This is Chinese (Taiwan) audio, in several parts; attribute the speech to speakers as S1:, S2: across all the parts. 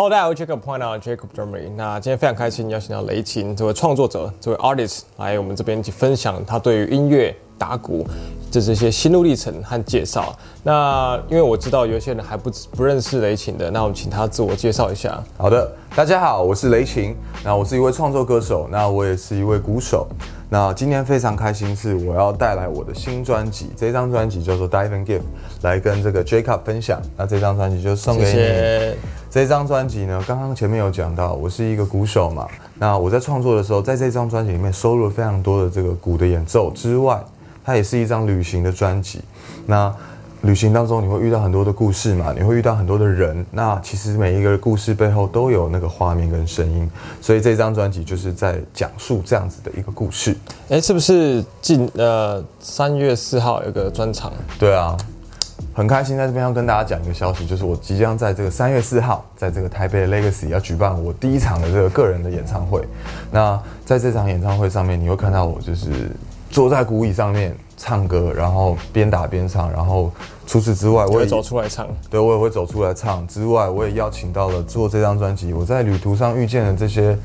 S1: Hello，大家好，Jacob Point, Jacob Drumemory。那今天非常開心邀請到雷擎這位創作者、這位 artist 來我們這邊去分享他對於音樂、打鼓的這些心路歷程和介紹。那因為我知道有一些人還不不認識雷擎的，那我們請他自我介紹一下。好
S2: 的，大家好，我是雷擎。那我是一位創作歌手，那我也是一位鼓手。那今天非常開心是我要帶來我的新專輯，這張專輯叫做《Diving Give》來跟這個 Jacob 分享。那這張專輯就送給你。謝謝這張專輯呢，剛剛前面有講到，我是一個鼓手嘛。那我在創作的時候，在這張專輯裡面收錄了非常多的這個鼓的演奏之外，它也是一張旅行的專輯。那旅行當中你會遇到很多的故事嘛，你會遇到很多的人。那其實每一個故事背後都有那個畫面跟聲音，所以這張專輯就是在講述這樣子的一個故事。誒，是不
S1: 是近呃三月四號有個專場？
S2: 對啊。很開心在這邊要跟大家講一個消息，就是我即將在這個三月四號，在這個台北 Legacy 要舉辦我第一場的這個個人的演唱會。那在這場演唱會上面，你會看到我就是坐在鼓椅上面唱歌，然後邊打邊唱，然後除此之外，我也，也走出來唱。對，我也會走出來唱。之外，我也邀請到了做這張專輯，我在旅途上遇見的這些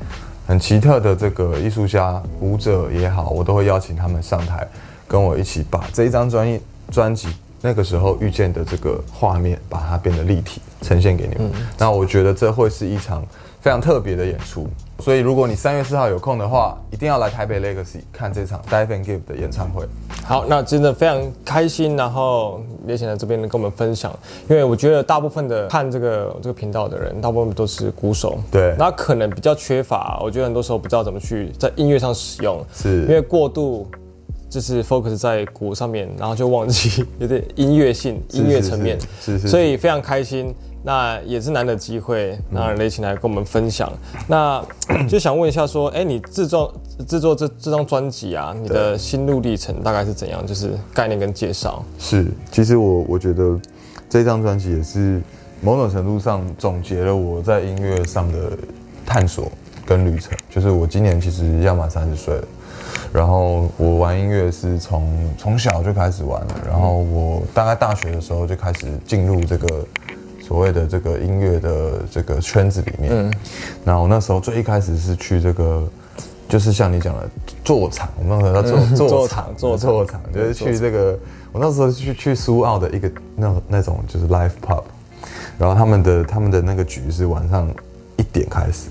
S2: 很奇特的這個藝術家、舞者也好，我都會邀請他們上台，跟我一起把這一張專專輯。那個時候遇見的這個畫面，把它變得立體呈現給你們、嗯。那我覺得這會是一場非常特別的演出。所以如果你三月四號有空的話，一定要來台
S1: 北 Legacy 看這場 Dive and Give 的演唱會好。好，那真的非常開心。然後也想在這邊能跟我們分享，因為我覺得大部分的看這個這個頻道的人，大部分都是鼓手。對。那可能比較缺乏，我覺得很多時候不知道怎麼去在音樂上使用，是。因為過度。就是 focus 在鼓上面，然後就忘記有點音樂性、是是是音樂層面是是是，所以非常開心。那也是難得機會，那雷擎來跟我們分享。嗯、那就想問一下，說，哎、欸，你製作製作這這張專輯啊，你的心路歷程大概是怎樣？就是概念跟介紹。
S2: 是，其實我我覺得這張專輯也是某種程度上總結了我在音樂上的探索跟旅程。就是我今年其實要滿三十歲了。然後我玩音樂是從從小就開始玩了。然後我大概大學的時候就開始進入這個所謂的這個音樂的這個圈子裡面。嗯。然後我那時候最一開始是去這個，就是像你講的做場，我們叫它做做場做做、嗯、場，場，場，場，就是去這個。我那時候去去蘇澳的一個那種那種就是 live pub，然後他們的他們的那個局是晚上一點開始，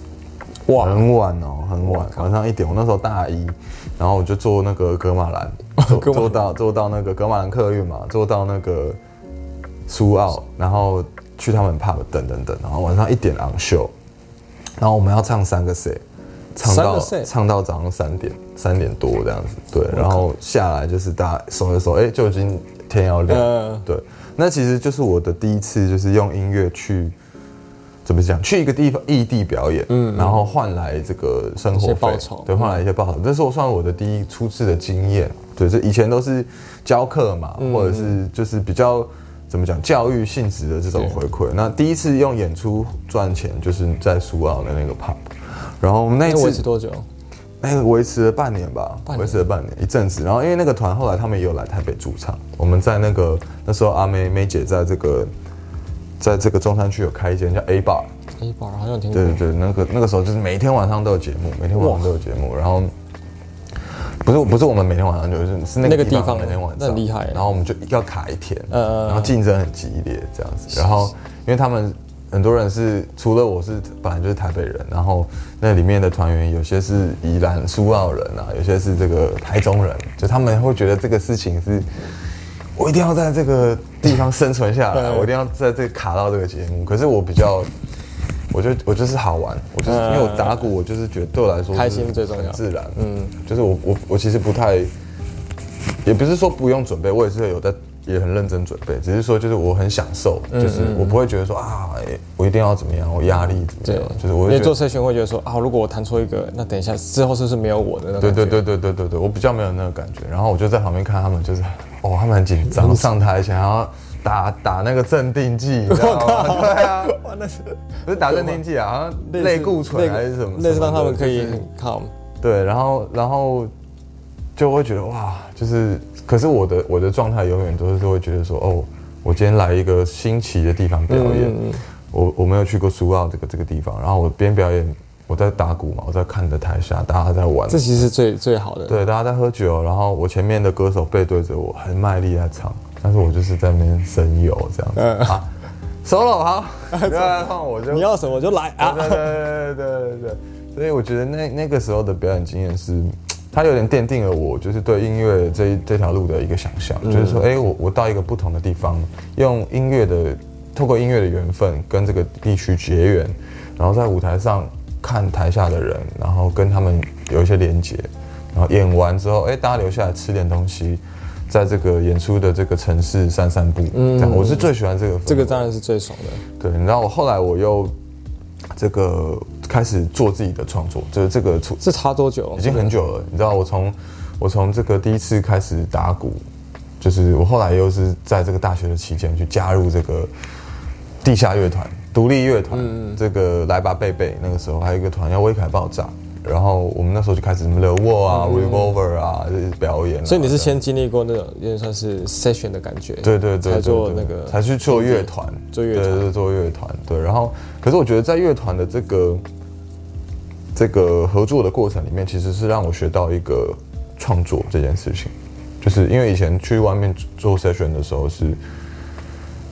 S2: 哇，很晚哦，很晚，晚上一點。我那時候大一。然後我就坐那個葛瑪蘭，坐到坐到那個葛瑪蘭客運嘛，坐到那個蘇澳，然後去他們帕等等等，然後晚上一點昂秀，然後我們要唱三個 C，唱到唱到早上三點三點多這樣子，對，然後下來就是大家收一收，哎、欸，就已經天要亮，uh... 對，那其實就是我的第一次，就是用音樂去。怎麼講？去一個地方異地表演，嗯，然後換來這個生活報酬，對，換來一些報酬。這是我算我的第一初次的經驗、嗯，對，這以前都是教課嘛、嗯，或者是就是比較怎麼講教育性質的這種回饋。那第一次用演出賺錢，就是在蘇澳的那個 pub，然後那一次維持多久？那個維持了半年吧，維持了半年一陣子。然後因為那個團後來他們也有來台北駐唱，我們在那個那時候阿梅梅姐在這個。在這個中山區有開一間叫 A bar，A
S1: bar 好像有聽過。對
S2: 對對，那個那個時候就是每一天晚上都有節目，每天晚上都有節目。然後不是不是我們每天晚上就是就是那個地方每天晚上很厲害。然後我們就一定要卡一天，然後競爭很激烈這樣子。然後因為他們很多人是除了我是本來就是台北人，然後那裡面的團員有些是宜蘭、蘇澳人啊，有些是這個台中人，就他們會覺得這個事情是。我一定要在這個地方生存下來，我一定要在這卡到這個節目。可是我比較，我就我就是好玩，我就是，嗯、因為我打鼓，我就是覺得對我來說開心最重要，很自然。嗯，就是我我我其實不太，也不是說不用準備，我也是有在。也很認真準備，只是說就是我很享受，嗯嗯，就是我不會覺得說啊、欸，我一定要怎麼樣，我壓力怎麼樣，就是我。也做
S1: 社群會覺得說啊，如果我彈錯一個，那等一下之後是不是沒有我的那？對對對
S2: 對對對對，我比較沒有那個感覺。然後我就在旁邊看他們，就是哦、喔，他們很緊張，上台前然後打打那個鎮定劑，你知道嗎？啊對啊，那是 不是打鎮定劑啊？好像類固醇還是什麼，什麼類，類似讓他們可以很、就是、對，然後然後就會覺得哇，就是。可是我的我的狀態永遠都是會覺得說哦，我今天來一個新奇的地方表演，嗯、我我沒有去過蘇澳這個這個地方，然後我邊表演，我在打鼓嘛，我在看着台下大家在玩，嗯、這其實是最最好的，對，大家在喝酒，然後我前面的歌手背對着我，很賣力在唱，但是我就是在那邊神遊這樣子、嗯啊、solo 好，s o l o 好，你要什麼就來啊，對對對對，對對對對對對，所以我覺得那那個時候的表演經驗是。它有點奠定了我，就是對音樂這一這條路的一個想象、嗯，就是說，哎、欸，我我到一個不同的地方，用音樂的，透過音樂的緣分跟這個地區結緣，然後在舞台上看台下的人，然後跟他們有一些連接，然後演完之後，哎、欸，大家留下來吃點東西，在這個演出的這個城市散散步。嗯，這樣我是最喜歡這個，這個當然是最爽的。對，然後我後來我又這個。開始做自己的創作，就是這個出是差多久哦？已經很久了，你知道我從我從這個第一次開始打鼓，就是我後來又是在這個大學的期間去加入這個地下樂團、獨立樂團，嗯嗯這個來吧焙焙，那個時候還有一個團叫威凱爆炸。然後我們那時候就開始什麼的，War 啊，Revolver
S1: 啊，嗯、表演、啊。所以你是先經歷過那種、個那個、因為算是 session 的感覺，對對對，對對對，才做那個，才去做樂團，
S2: 樂做樂團，對對，對，做，樂對做樂團，對。然後，可是我覺得在樂團的這個這個合作的過程裡面，其實是讓我學到一個創作這件事情，就是因為以前去外面做 session 的時候是。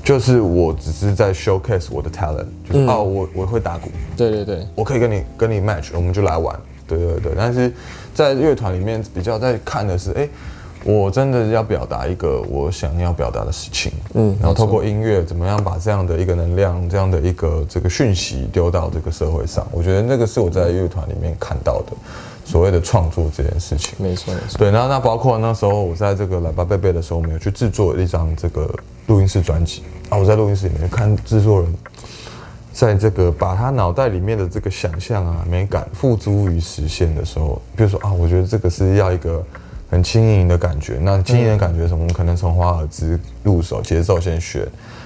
S2: 就是我只是在 showcase 我的 talent，就是、嗯、哦，我我會打鼓，對對對，我可以跟你跟你 match，我們就來玩，對對對。但是在樂團裡面比較在看的是，哎，我真的要表達一個我想要表達的事情，嗯，然後透過音樂怎麼樣把這樣的一個能量、這樣的一個這個訊息丟到這個社會上，我覺得那個是我在樂團裡面看到的。所謂的創作這件事
S1: 情，沒錯沒錯，對。
S2: 那那，包括那時候我在這個來吧焙焙的時候，我們有去制作一張這個錄音室專輯。啊，我在錄音室裡面看制作人，在這個把他腦袋裡面的這個想象啊、美感付諸於實現的時候，比如說啊，我覺得這個是要一個很輕盈的感覺。那輕盈的感覺是什麼？嗯、我們可能從華爾茲入手，節奏先選。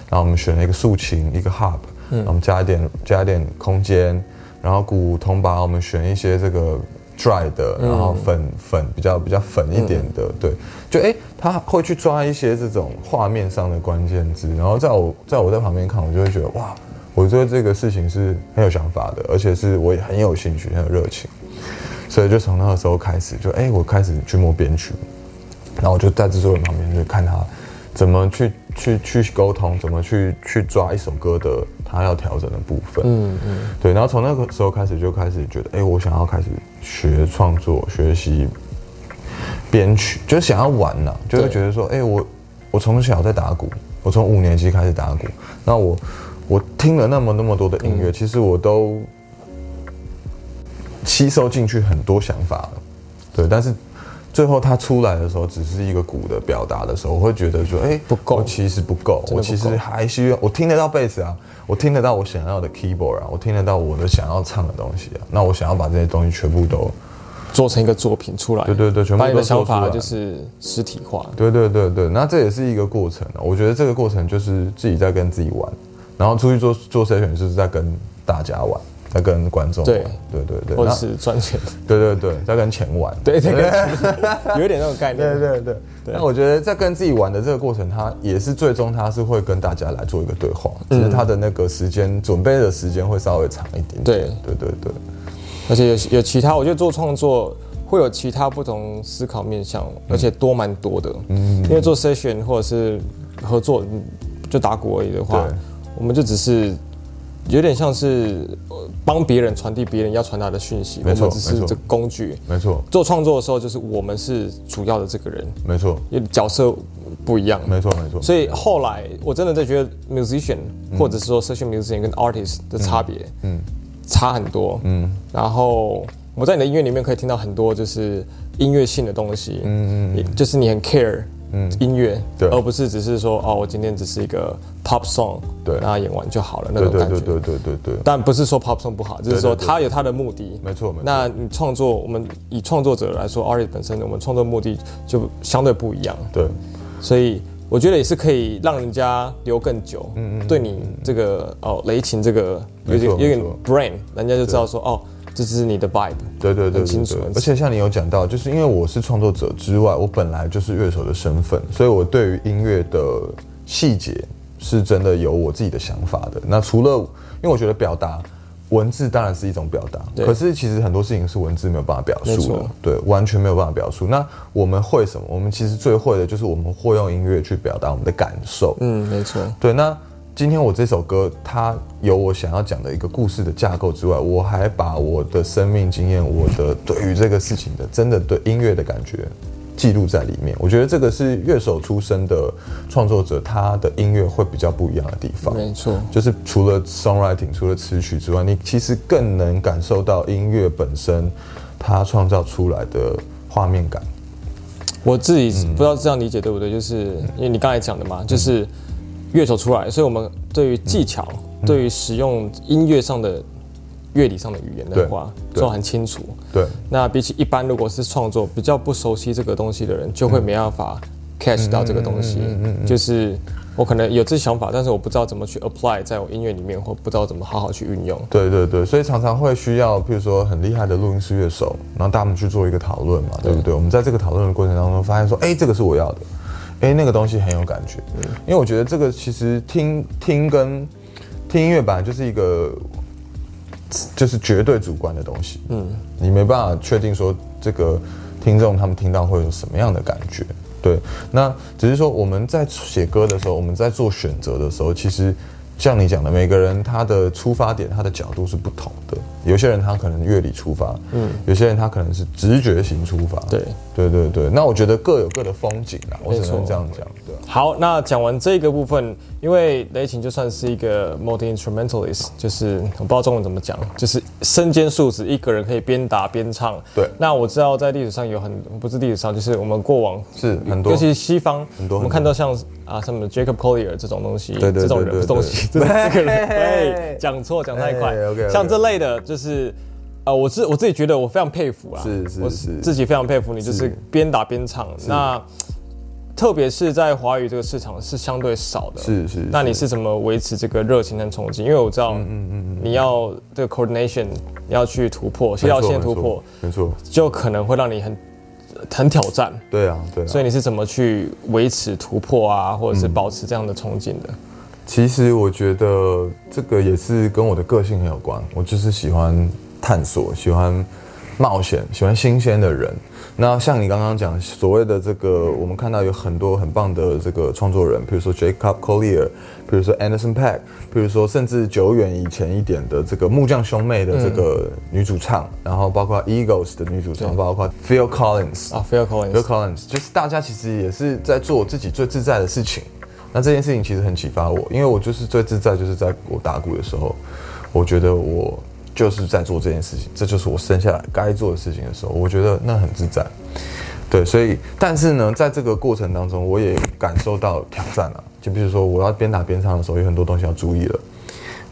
S2: 然後我們選了一個豎琴，一個 harp，嗯，我們加一點加一點空間，然後鼓銅鈸我們選一些這個。dry 的，然後粉、嗯、粉比較比較粉一點的，嗯、對，就哎、欸，他會去抓一些這種畫面上的關鍵字，然後在我在我在旁邊看，我就會覺得哇，我覺得這個事情是很有想法的，而且是我也很有興趣、很有熱情，所以就從那個時候開始就，就、欸、哎，我開始去摸編曲，
S1: 然
S2: 後我就在制作人旁邊就看他。怎麼去去去溝通？怎麼去去抓一首歌的他要調整的部分？嗯嗯，對。然後從那個時候開始，就開始覺得，哎、欸，我想要開始學創作，學習編曲，就是想要玩吶、啊，就會、是、覺得說，哎、欸，我我從小在打鼓，我從五年級開始打鼓，那我我聽了那麼那麼多的音樂、嗯，其實我都吸收進去很多想法了，對，但是。最後它出來的時候，只是一個鼓的表達的時候，我會覺得說，哎、欸，不夠，我其實不夠，不夠，我其實還需要，我聽得到貝斯啊，我聽得到我想要的 keyboard 啊，我聽得到我的想要唱的東西啊，那我想要把這些東西全部都做成一個作品出來，對對對，全部把你的想法就
S1: 是實體化，
S2: 對對對對，那這也是一個過程、喔，我覺得這個過程就是自己在跟自己玩，然後出去做做篩選，就是在跟大家玩。在跟觀眾對對對或是賺錢對對對，對對對 在跟錢玩對這個
S1: 有一點那種概念對,對對
S2: 對。那我覺得在跟自己玩的這個過程，他也是最終他是會跟大家來做一個對話。其實他的那個時間準備的時間會稍微長一
S1: 點,點。對對對對，而且有有其他，我覺得做創作會有其他不同思考面向，嗯、而且多蠻多的。嗯，因為做 session 或者是合作，就打鼓而已的話，我們就只是。有點像是呃幫別人傳遞別人要傳達的訊息，沒錯，只是這個工具，沒錯。做創作的時候，就是我們是主要的這個人，沒錯，角色
S2: 不一樣，沒錯沒錯。
S1: 所以後來我真的在覺得，musician、嗯、或者是說 session musician 跟 artist 的差別、嗯，嗯，差很多，嗯。然後我在你的音樂裡面可以聽到很多就是音樂性的東西，嗯嗯，嗯，就是你很 care。音樂、嗯，而不是只是說哦，我今天只是一個 pop song，對，然後演完就好了那種感覺。對對對，對，對，但不是說 pop song 不好，就是說它有它的目的。沒錯。那你創作，我們以創作者來說，artist 本身，我們創作目的就相對不一樣。對。所以我覺得也是可以讓人家留更久。嗯嗯。對你這個哦，雷擎這個有點有點 brand，人家就知道說哦。這是你的 vibe，對對對，對，對，對，對，而且
S2: 像你有講到，就是因為我是創作者之外，我本來就是樂手的身份，所以我對於音樂的細節是真的有我自己的想法的。那除了，因為我覺得表達文字當然是一種表達，可是其實很多事情是文字沒有辦法表述的，對，完全沒有辦法表述。那我們會什麼？我們其實最會的就是我們會用音樂去表達我們的感受。嗯，沒錯，對。那今天我這首歌，它有我想要講的一個故事的架構之外，我還把我的生命經驗、我的對於這個事情的真的對音樂的感覺記錄在裡面。我覺得這個是樂手出身的創作者，他的音樂會比較不一樣的地方。沒錯，就是除了 songwriting，除了詞曲之外，你其實更能感受到音樂本身它創造出來的畫
S1: 面感。我自己不知道是這樣理解對不對，就是因為你剛才講的嘛，就是。樂手出來，所以我們對於技巧、嗯嗯、對於使用音樂上的、樂理上的語言的話，都很清楚。對，那比起一般如果是創作比較不熟悉這個東西的人，就會沒辦法 catch 到這個東西。嗯嗯就是我可能有這想法，但是我不知道怎麼去 apply 在我音樂裡面，或不知道怎麼好好去運用。
S2: 對對對，所以常常會需要，譬如說很厲害的錄音師、樂手，然後大家去做一個討論嘛對，對不對？我們在這個討論的過程當中，發現說，哎、欸，這個是我要的。哎、欸，那個東西很有感覺，因為我覺得這個其實聽聽跟聽音樂本來就是一個，就是絕對主觀的東西。嗯，你沒辦法確定說這個聽眾他們聽到會有什麼樣的感覺。對，那只是說我們在寫歌的時候，我們在做選擇的時候，其實像你講的，每個人他的出發點、他的角度是不同的。有些人他可能樂理出發，嗯，有些人他可能是直覺型出發，對、嗯，對對對。那我覺得
S1: 各有各的風景啊，我只能這樣講。對、啊，好，那講完這個部分，因為雷擎就算是一個 multi instrumentalist，就是我不知道中文怎麼講，就是身兼數職，一個人可以邊打邊唱。對，那我知道在歷史上有很不是歷史上，就是我們過往是很多，尤其是西方，很多，很多我們看到像啊什麼 Jacob Collier 這種東西，對對對，對，對，對，這種人的東西，就是、這個人，嘿嘿嘿對，講錯講太快嘿嘿 okay, okay 像這類的就是。就是，啊、呃，我自我自己覺得我非常佩服啊，是是是，我自己非常佩服你，就是邊打邊唱。是是，那特別是在華語這個市場是相對少的，是是，是。那你是怎麼維持這個熱情跟憧憬？因為我知道，嗯嗯你要這個 coordination，你要去突破，需要先突破，
S2: 沒
S1: 錯，就可能會讓你很很挑戰。對啊，對啊，對啊。所以你是怎麼去維持突破啊，或者是保持這樣的憧憬的？嗯嗯
S2: 其實我覺得這個也是跟我的個性很有關，我就是喜歡探索，喜歡冒險，喜歡新鮮的人。那像你剛剛講所謂的這個，我們看到有很多很棒的這個創作人，比如說 Jacob Collier，比如說 Anderson Paak，比如說甚至久遠以前一點的這個木匠兄妹的這個女主唱，嗯、然後包括 Eagles 的女主唱，包括 Phil Collins，啊、Phil Collins，Phil Collins，就是大家其實也是在做自己最自在的事情。那這件事情其實很啟發我，因為我就是最自在，就是在我打鼓的時候，我覺得我就是在做這件事情，這就是我生下來該做的事情的時候，我覺得那很自在。對，所以，但是呢，在這個過程當中，我也感受到挑戰了啊。就比如說，我要邊打邊唱的時候，有很多東西要注意了。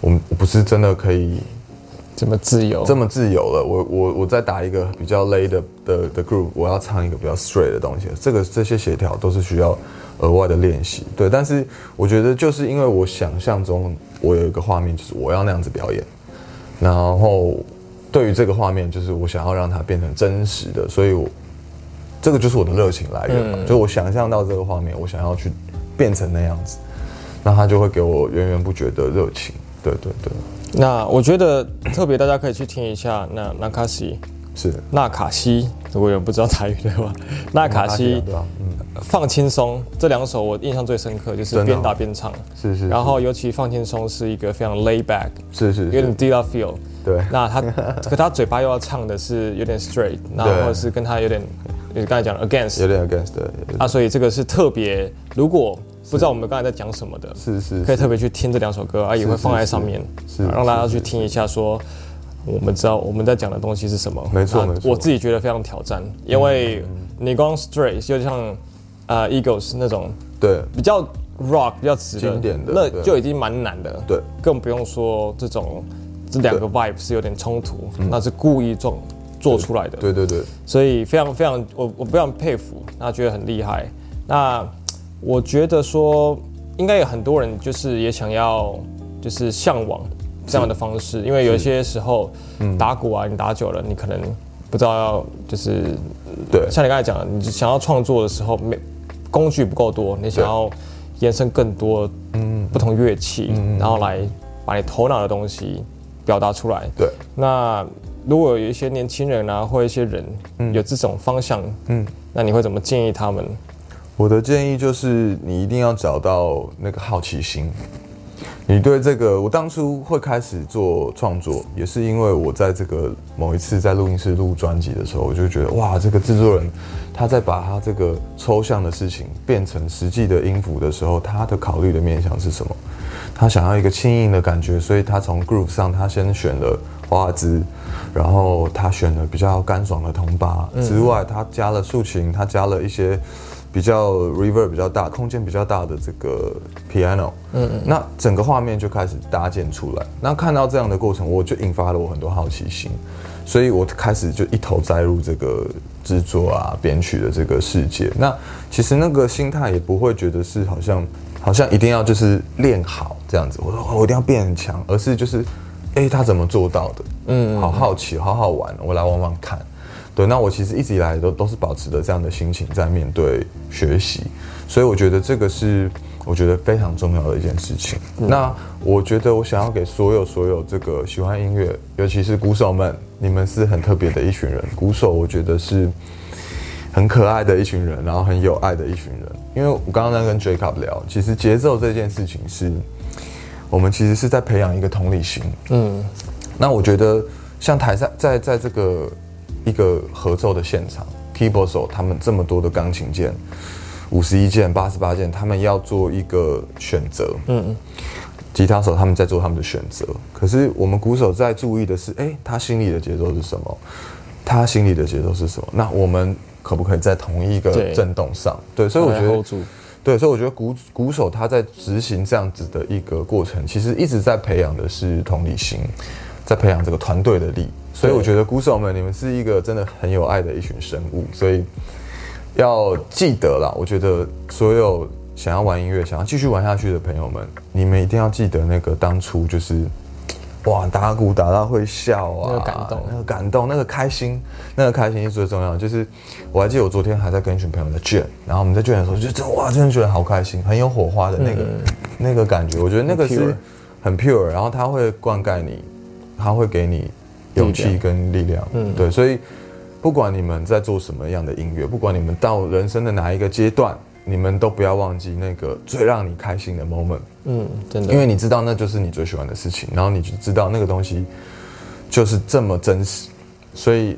S2: 我們我不是真的可以
S1: 這麼自由，這麼自
S2: 由了。我我我在打一個比較累的的的 group，我要唱一個比較 straight 的東西，這個這些協調都是需要。額外的練習，對，但是我覺得就是因為我想象中我有一個畫面，就是我要那樣子表演，然後對於這個畫面，就是我想要讓它變成真實的，所以我，我這個就是我的熱情來源嘛、嗯。就我想象到這個畫面，我想要去變成那樣子，那他就會給我源源不絕的熱情。對對對。
S1: 那我覺得特別，大家可以去聽一下那那卡西，是那卡西。如果有不知道台語的話，那卡西、啊，嗯，放輕鬆這兩首我印象最深刻，就是邊打邊唱，哦、是，是是。然後尤其放輕鬆是一個非常 lay back、嗯、是，是是，有點 doo feel。對，那他 可他嘴巴又要唱的是有點 straight，然後或者是跟他有點，就是剛才講的 against，有點 against 有點。啊，所以這個是特別，如果不知道我們剛才在講什麼的，是
S2: 是，可以特
S1: 別去聽這兩首歌啊，也會放在上面，是是是、啊，讓大家去聽一下說。我們知道我們在講的東西是什麼。沒錯，沒錯。我自己覺得非常挑戰，因為你光 straight 就像，呃，Eagles 那種，對，比較 rock、比較直的經典的，那就已經蠻難的。對，更不用說這種這兩個 vibe 是有點衝突，嗯、那是故意做做出來的，對對。對對對。所以非常非常，我我非常佩服，那覺得很厲害。那我覺得說，應該有很多人就是也想要，就是向往。這樣的方式，因為有一些時候，打鼓啊，你打久了，嗯，你可能不知道要就是，對，像你剛才講的，你想要創作的時候，沒工具不夠多，你想要延伸更多，嗯，不同樂器，然後來把你頭腦的東西表達出來。對，那如果有一些年輕人啊，或一些人，嗯、有這種方向，嗯，那你會怎麼建議他們？
S2: 我的建議就是，你一定要找到那個好奇心。你對這個，我當初會開始做創作，也是因為我在這個某一次在錄音室錄專輯的時候，我就覺得，哇，這個製作人他在把他這個抽象的事情變成實際的音符的時候，他的考慮的面向是什麼？他想要一個輕盈的感覺，所以他從 groove 上，他先選了花枝，然後他選了比較乾爽的銅鈸之外，嗯嗯，他加了豎琴，他加了一些比較 reverb 比較大、空間比較大的這個 piano。嗯嗯。那整個畫面就開始搭建出來。那看到這樣的過程，我就引發了我很多好奇心，所以我開始就一頭栽入這個制作啊、編曲的這個世界。那其實那個心態也不會覺得是好像。好像一定要就是練好這樣子，我說我一定要變很強，而是就是，哎、欸，他怎麼做到的？嗯,嗯,嗯，好好奇，好好玩，我來玩玩看。對，那我其實一直以來都都是保持着這樣的心情在面對學習，所以我覺得這個是我覺得非常重要的一件事情。嗯、那我覺得我想要給所有所有這個喜歡音樂，尤其是鼓手們，你們是很特別的一群人。鼓手，我覺得是。很可愛的一群人，然後很有愛的一群人。因為我剛剛在跟 Jacob 聊，其實節奏這件事情是我們其實是在培養一個同理心。嗯，那我覺得像台上在在,在這個一個合奏的現場，Keyboard 手他們這麼多的鋼琴鍵，五十一鍵、八十八鍵，他們要做一個選擇。
S1: 嗯，
S2: 吉他手他們在做他們的選擇，可是我們鼓手在注意的是，哎、欸，他心裡的節奏是什麼？他心裡的節奏是什麼？那我們。可不可以在同一個震動上？對，對，所以我覺得，對，所以我覺得鼓鼓手他在執行這樣子的一個過程，其實一直在培養的是同理心，在培養這個團隊的力。所以我覺得鼓手們，你們是一個真的很有愛的一群生物。所以要記得啦，我覺得所有想要玩音樂、想要繼續玩下去的朋友們，你們一定要記得那個當初就是。哇，打鼓打到會笑啊！那個感動，那個感動，那個開心，那個開心是最重要的。就是我還記得我昨天還在跟一群朋友在 jam，然後我們在 jam 的時候就覺得哇，真的覺得好開心，很有火花的那個、嗯、那個感覺。我覺得那個是很 pure，然後它會灌溉你，它會給你勇氣跟力量，力量。嗯，對。所以不管你們在做什麼樣的音樂，不管你們到人生的哪一個階段，你們都不要忘記那個最讓你開心的 moment。嗯，真的，因為你知道那就是你最喜歡的事情，然後你就知道那個東西就是這麼真實，所以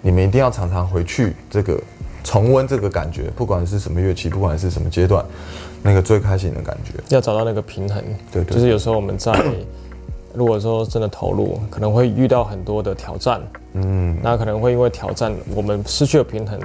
S2: 你們一定要常常回去這個重溫這個感覺，不管是什麼樂器，不管是什麼階段，那個最開心的感覺，
S1: 要找到那個平衡。對，對，對，就是有時候我們在。 如果說真的投入，可能會遇到很多的挑戰，嗯，那可能會因為挑戰，我們失去了平衡，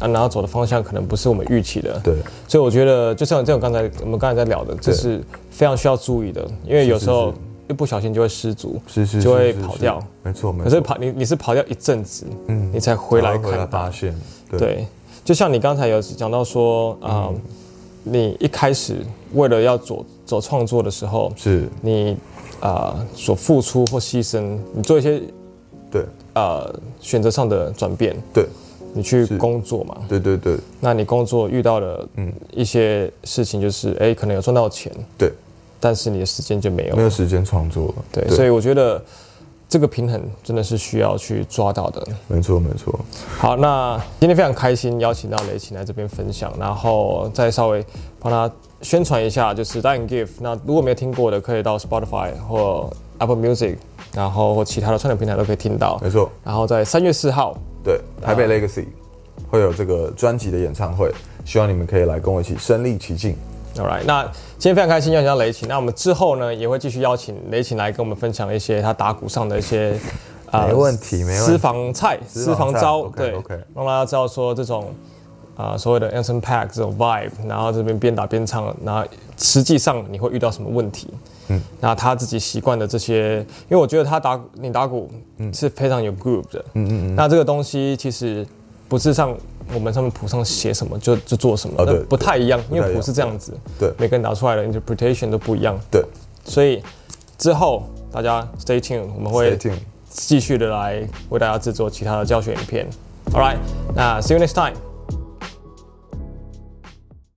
S1: 啊，然後走的方向可能不是我們預期的，對，所以我覺得就像這種剛才我們剛才，才在聊的，這、就是非常需要注意的，因為有時候是是是一不小心就會失足，是是是是是就會跑掉，沒錯，沒錯，可是跑你你是跑掉一陣子，嗯，你才回來看，來發現對，對，就像你剛才有講到說，啊、呃嗯，你一開始為了要走走創作的時候，是你。啊、呃，所付出或犧牲，你做一些，對，呃，選擇上的轉變，對，你去工作嘛，對對對，那你工作遇到了嗯一些事情，就是哎、嗯欸，可能有賺到錢，對，但是你的時間就沒有了，沒有時間創作了對，對，所以我覺得。這個平衡真的是需要去抓到的。沒錯，沒錯。好，那今天非常開心邀請到雷擎來這邊分享，然後再稍微幫他宣傳一下，就是《Dying Gift》。那如果沒有聽過的，可以到 Spotify 或 Apple Music，然後或其他的串流平台都可以聽到。沒錯。然後在三月四號，
S2: 對，台北 Legacy 會有這
S1: 個專輯的演唱會，希
S2: 望你們可以來跟我一起身臨其境。
S1: Alright，那今天非常開心邀請到雷擎。那我們之後呢，也會繼續邀請雷擎來跟我們分享一些他打鼓上的一些啊， 沒問題、呃，沒問題，私房菜、私房招，房 okay, okay. 對，OK 讓大家知道說這種啊、呃，所謂的 ensemble pack 這種 vibe，然後這邊邊打邊唱，然後實際上你會遇到什麼問題。嗯，那他自己習慣的這些，因為我覺得他打你打鼓是非常有 groove 的嗯。嗯嗯嗯。那這個東西其實不是像。我們上面譜上寫什麼就就做什麼，oh, 那不太一樣，因為譜是這樣子，對，每個人拿出來的 interpretation 都不一樣，對，所以之後大家 stay tuned，tune. 我們會繼續的來為大家制作其他的教學影片。All right，嗯，那 see you next time。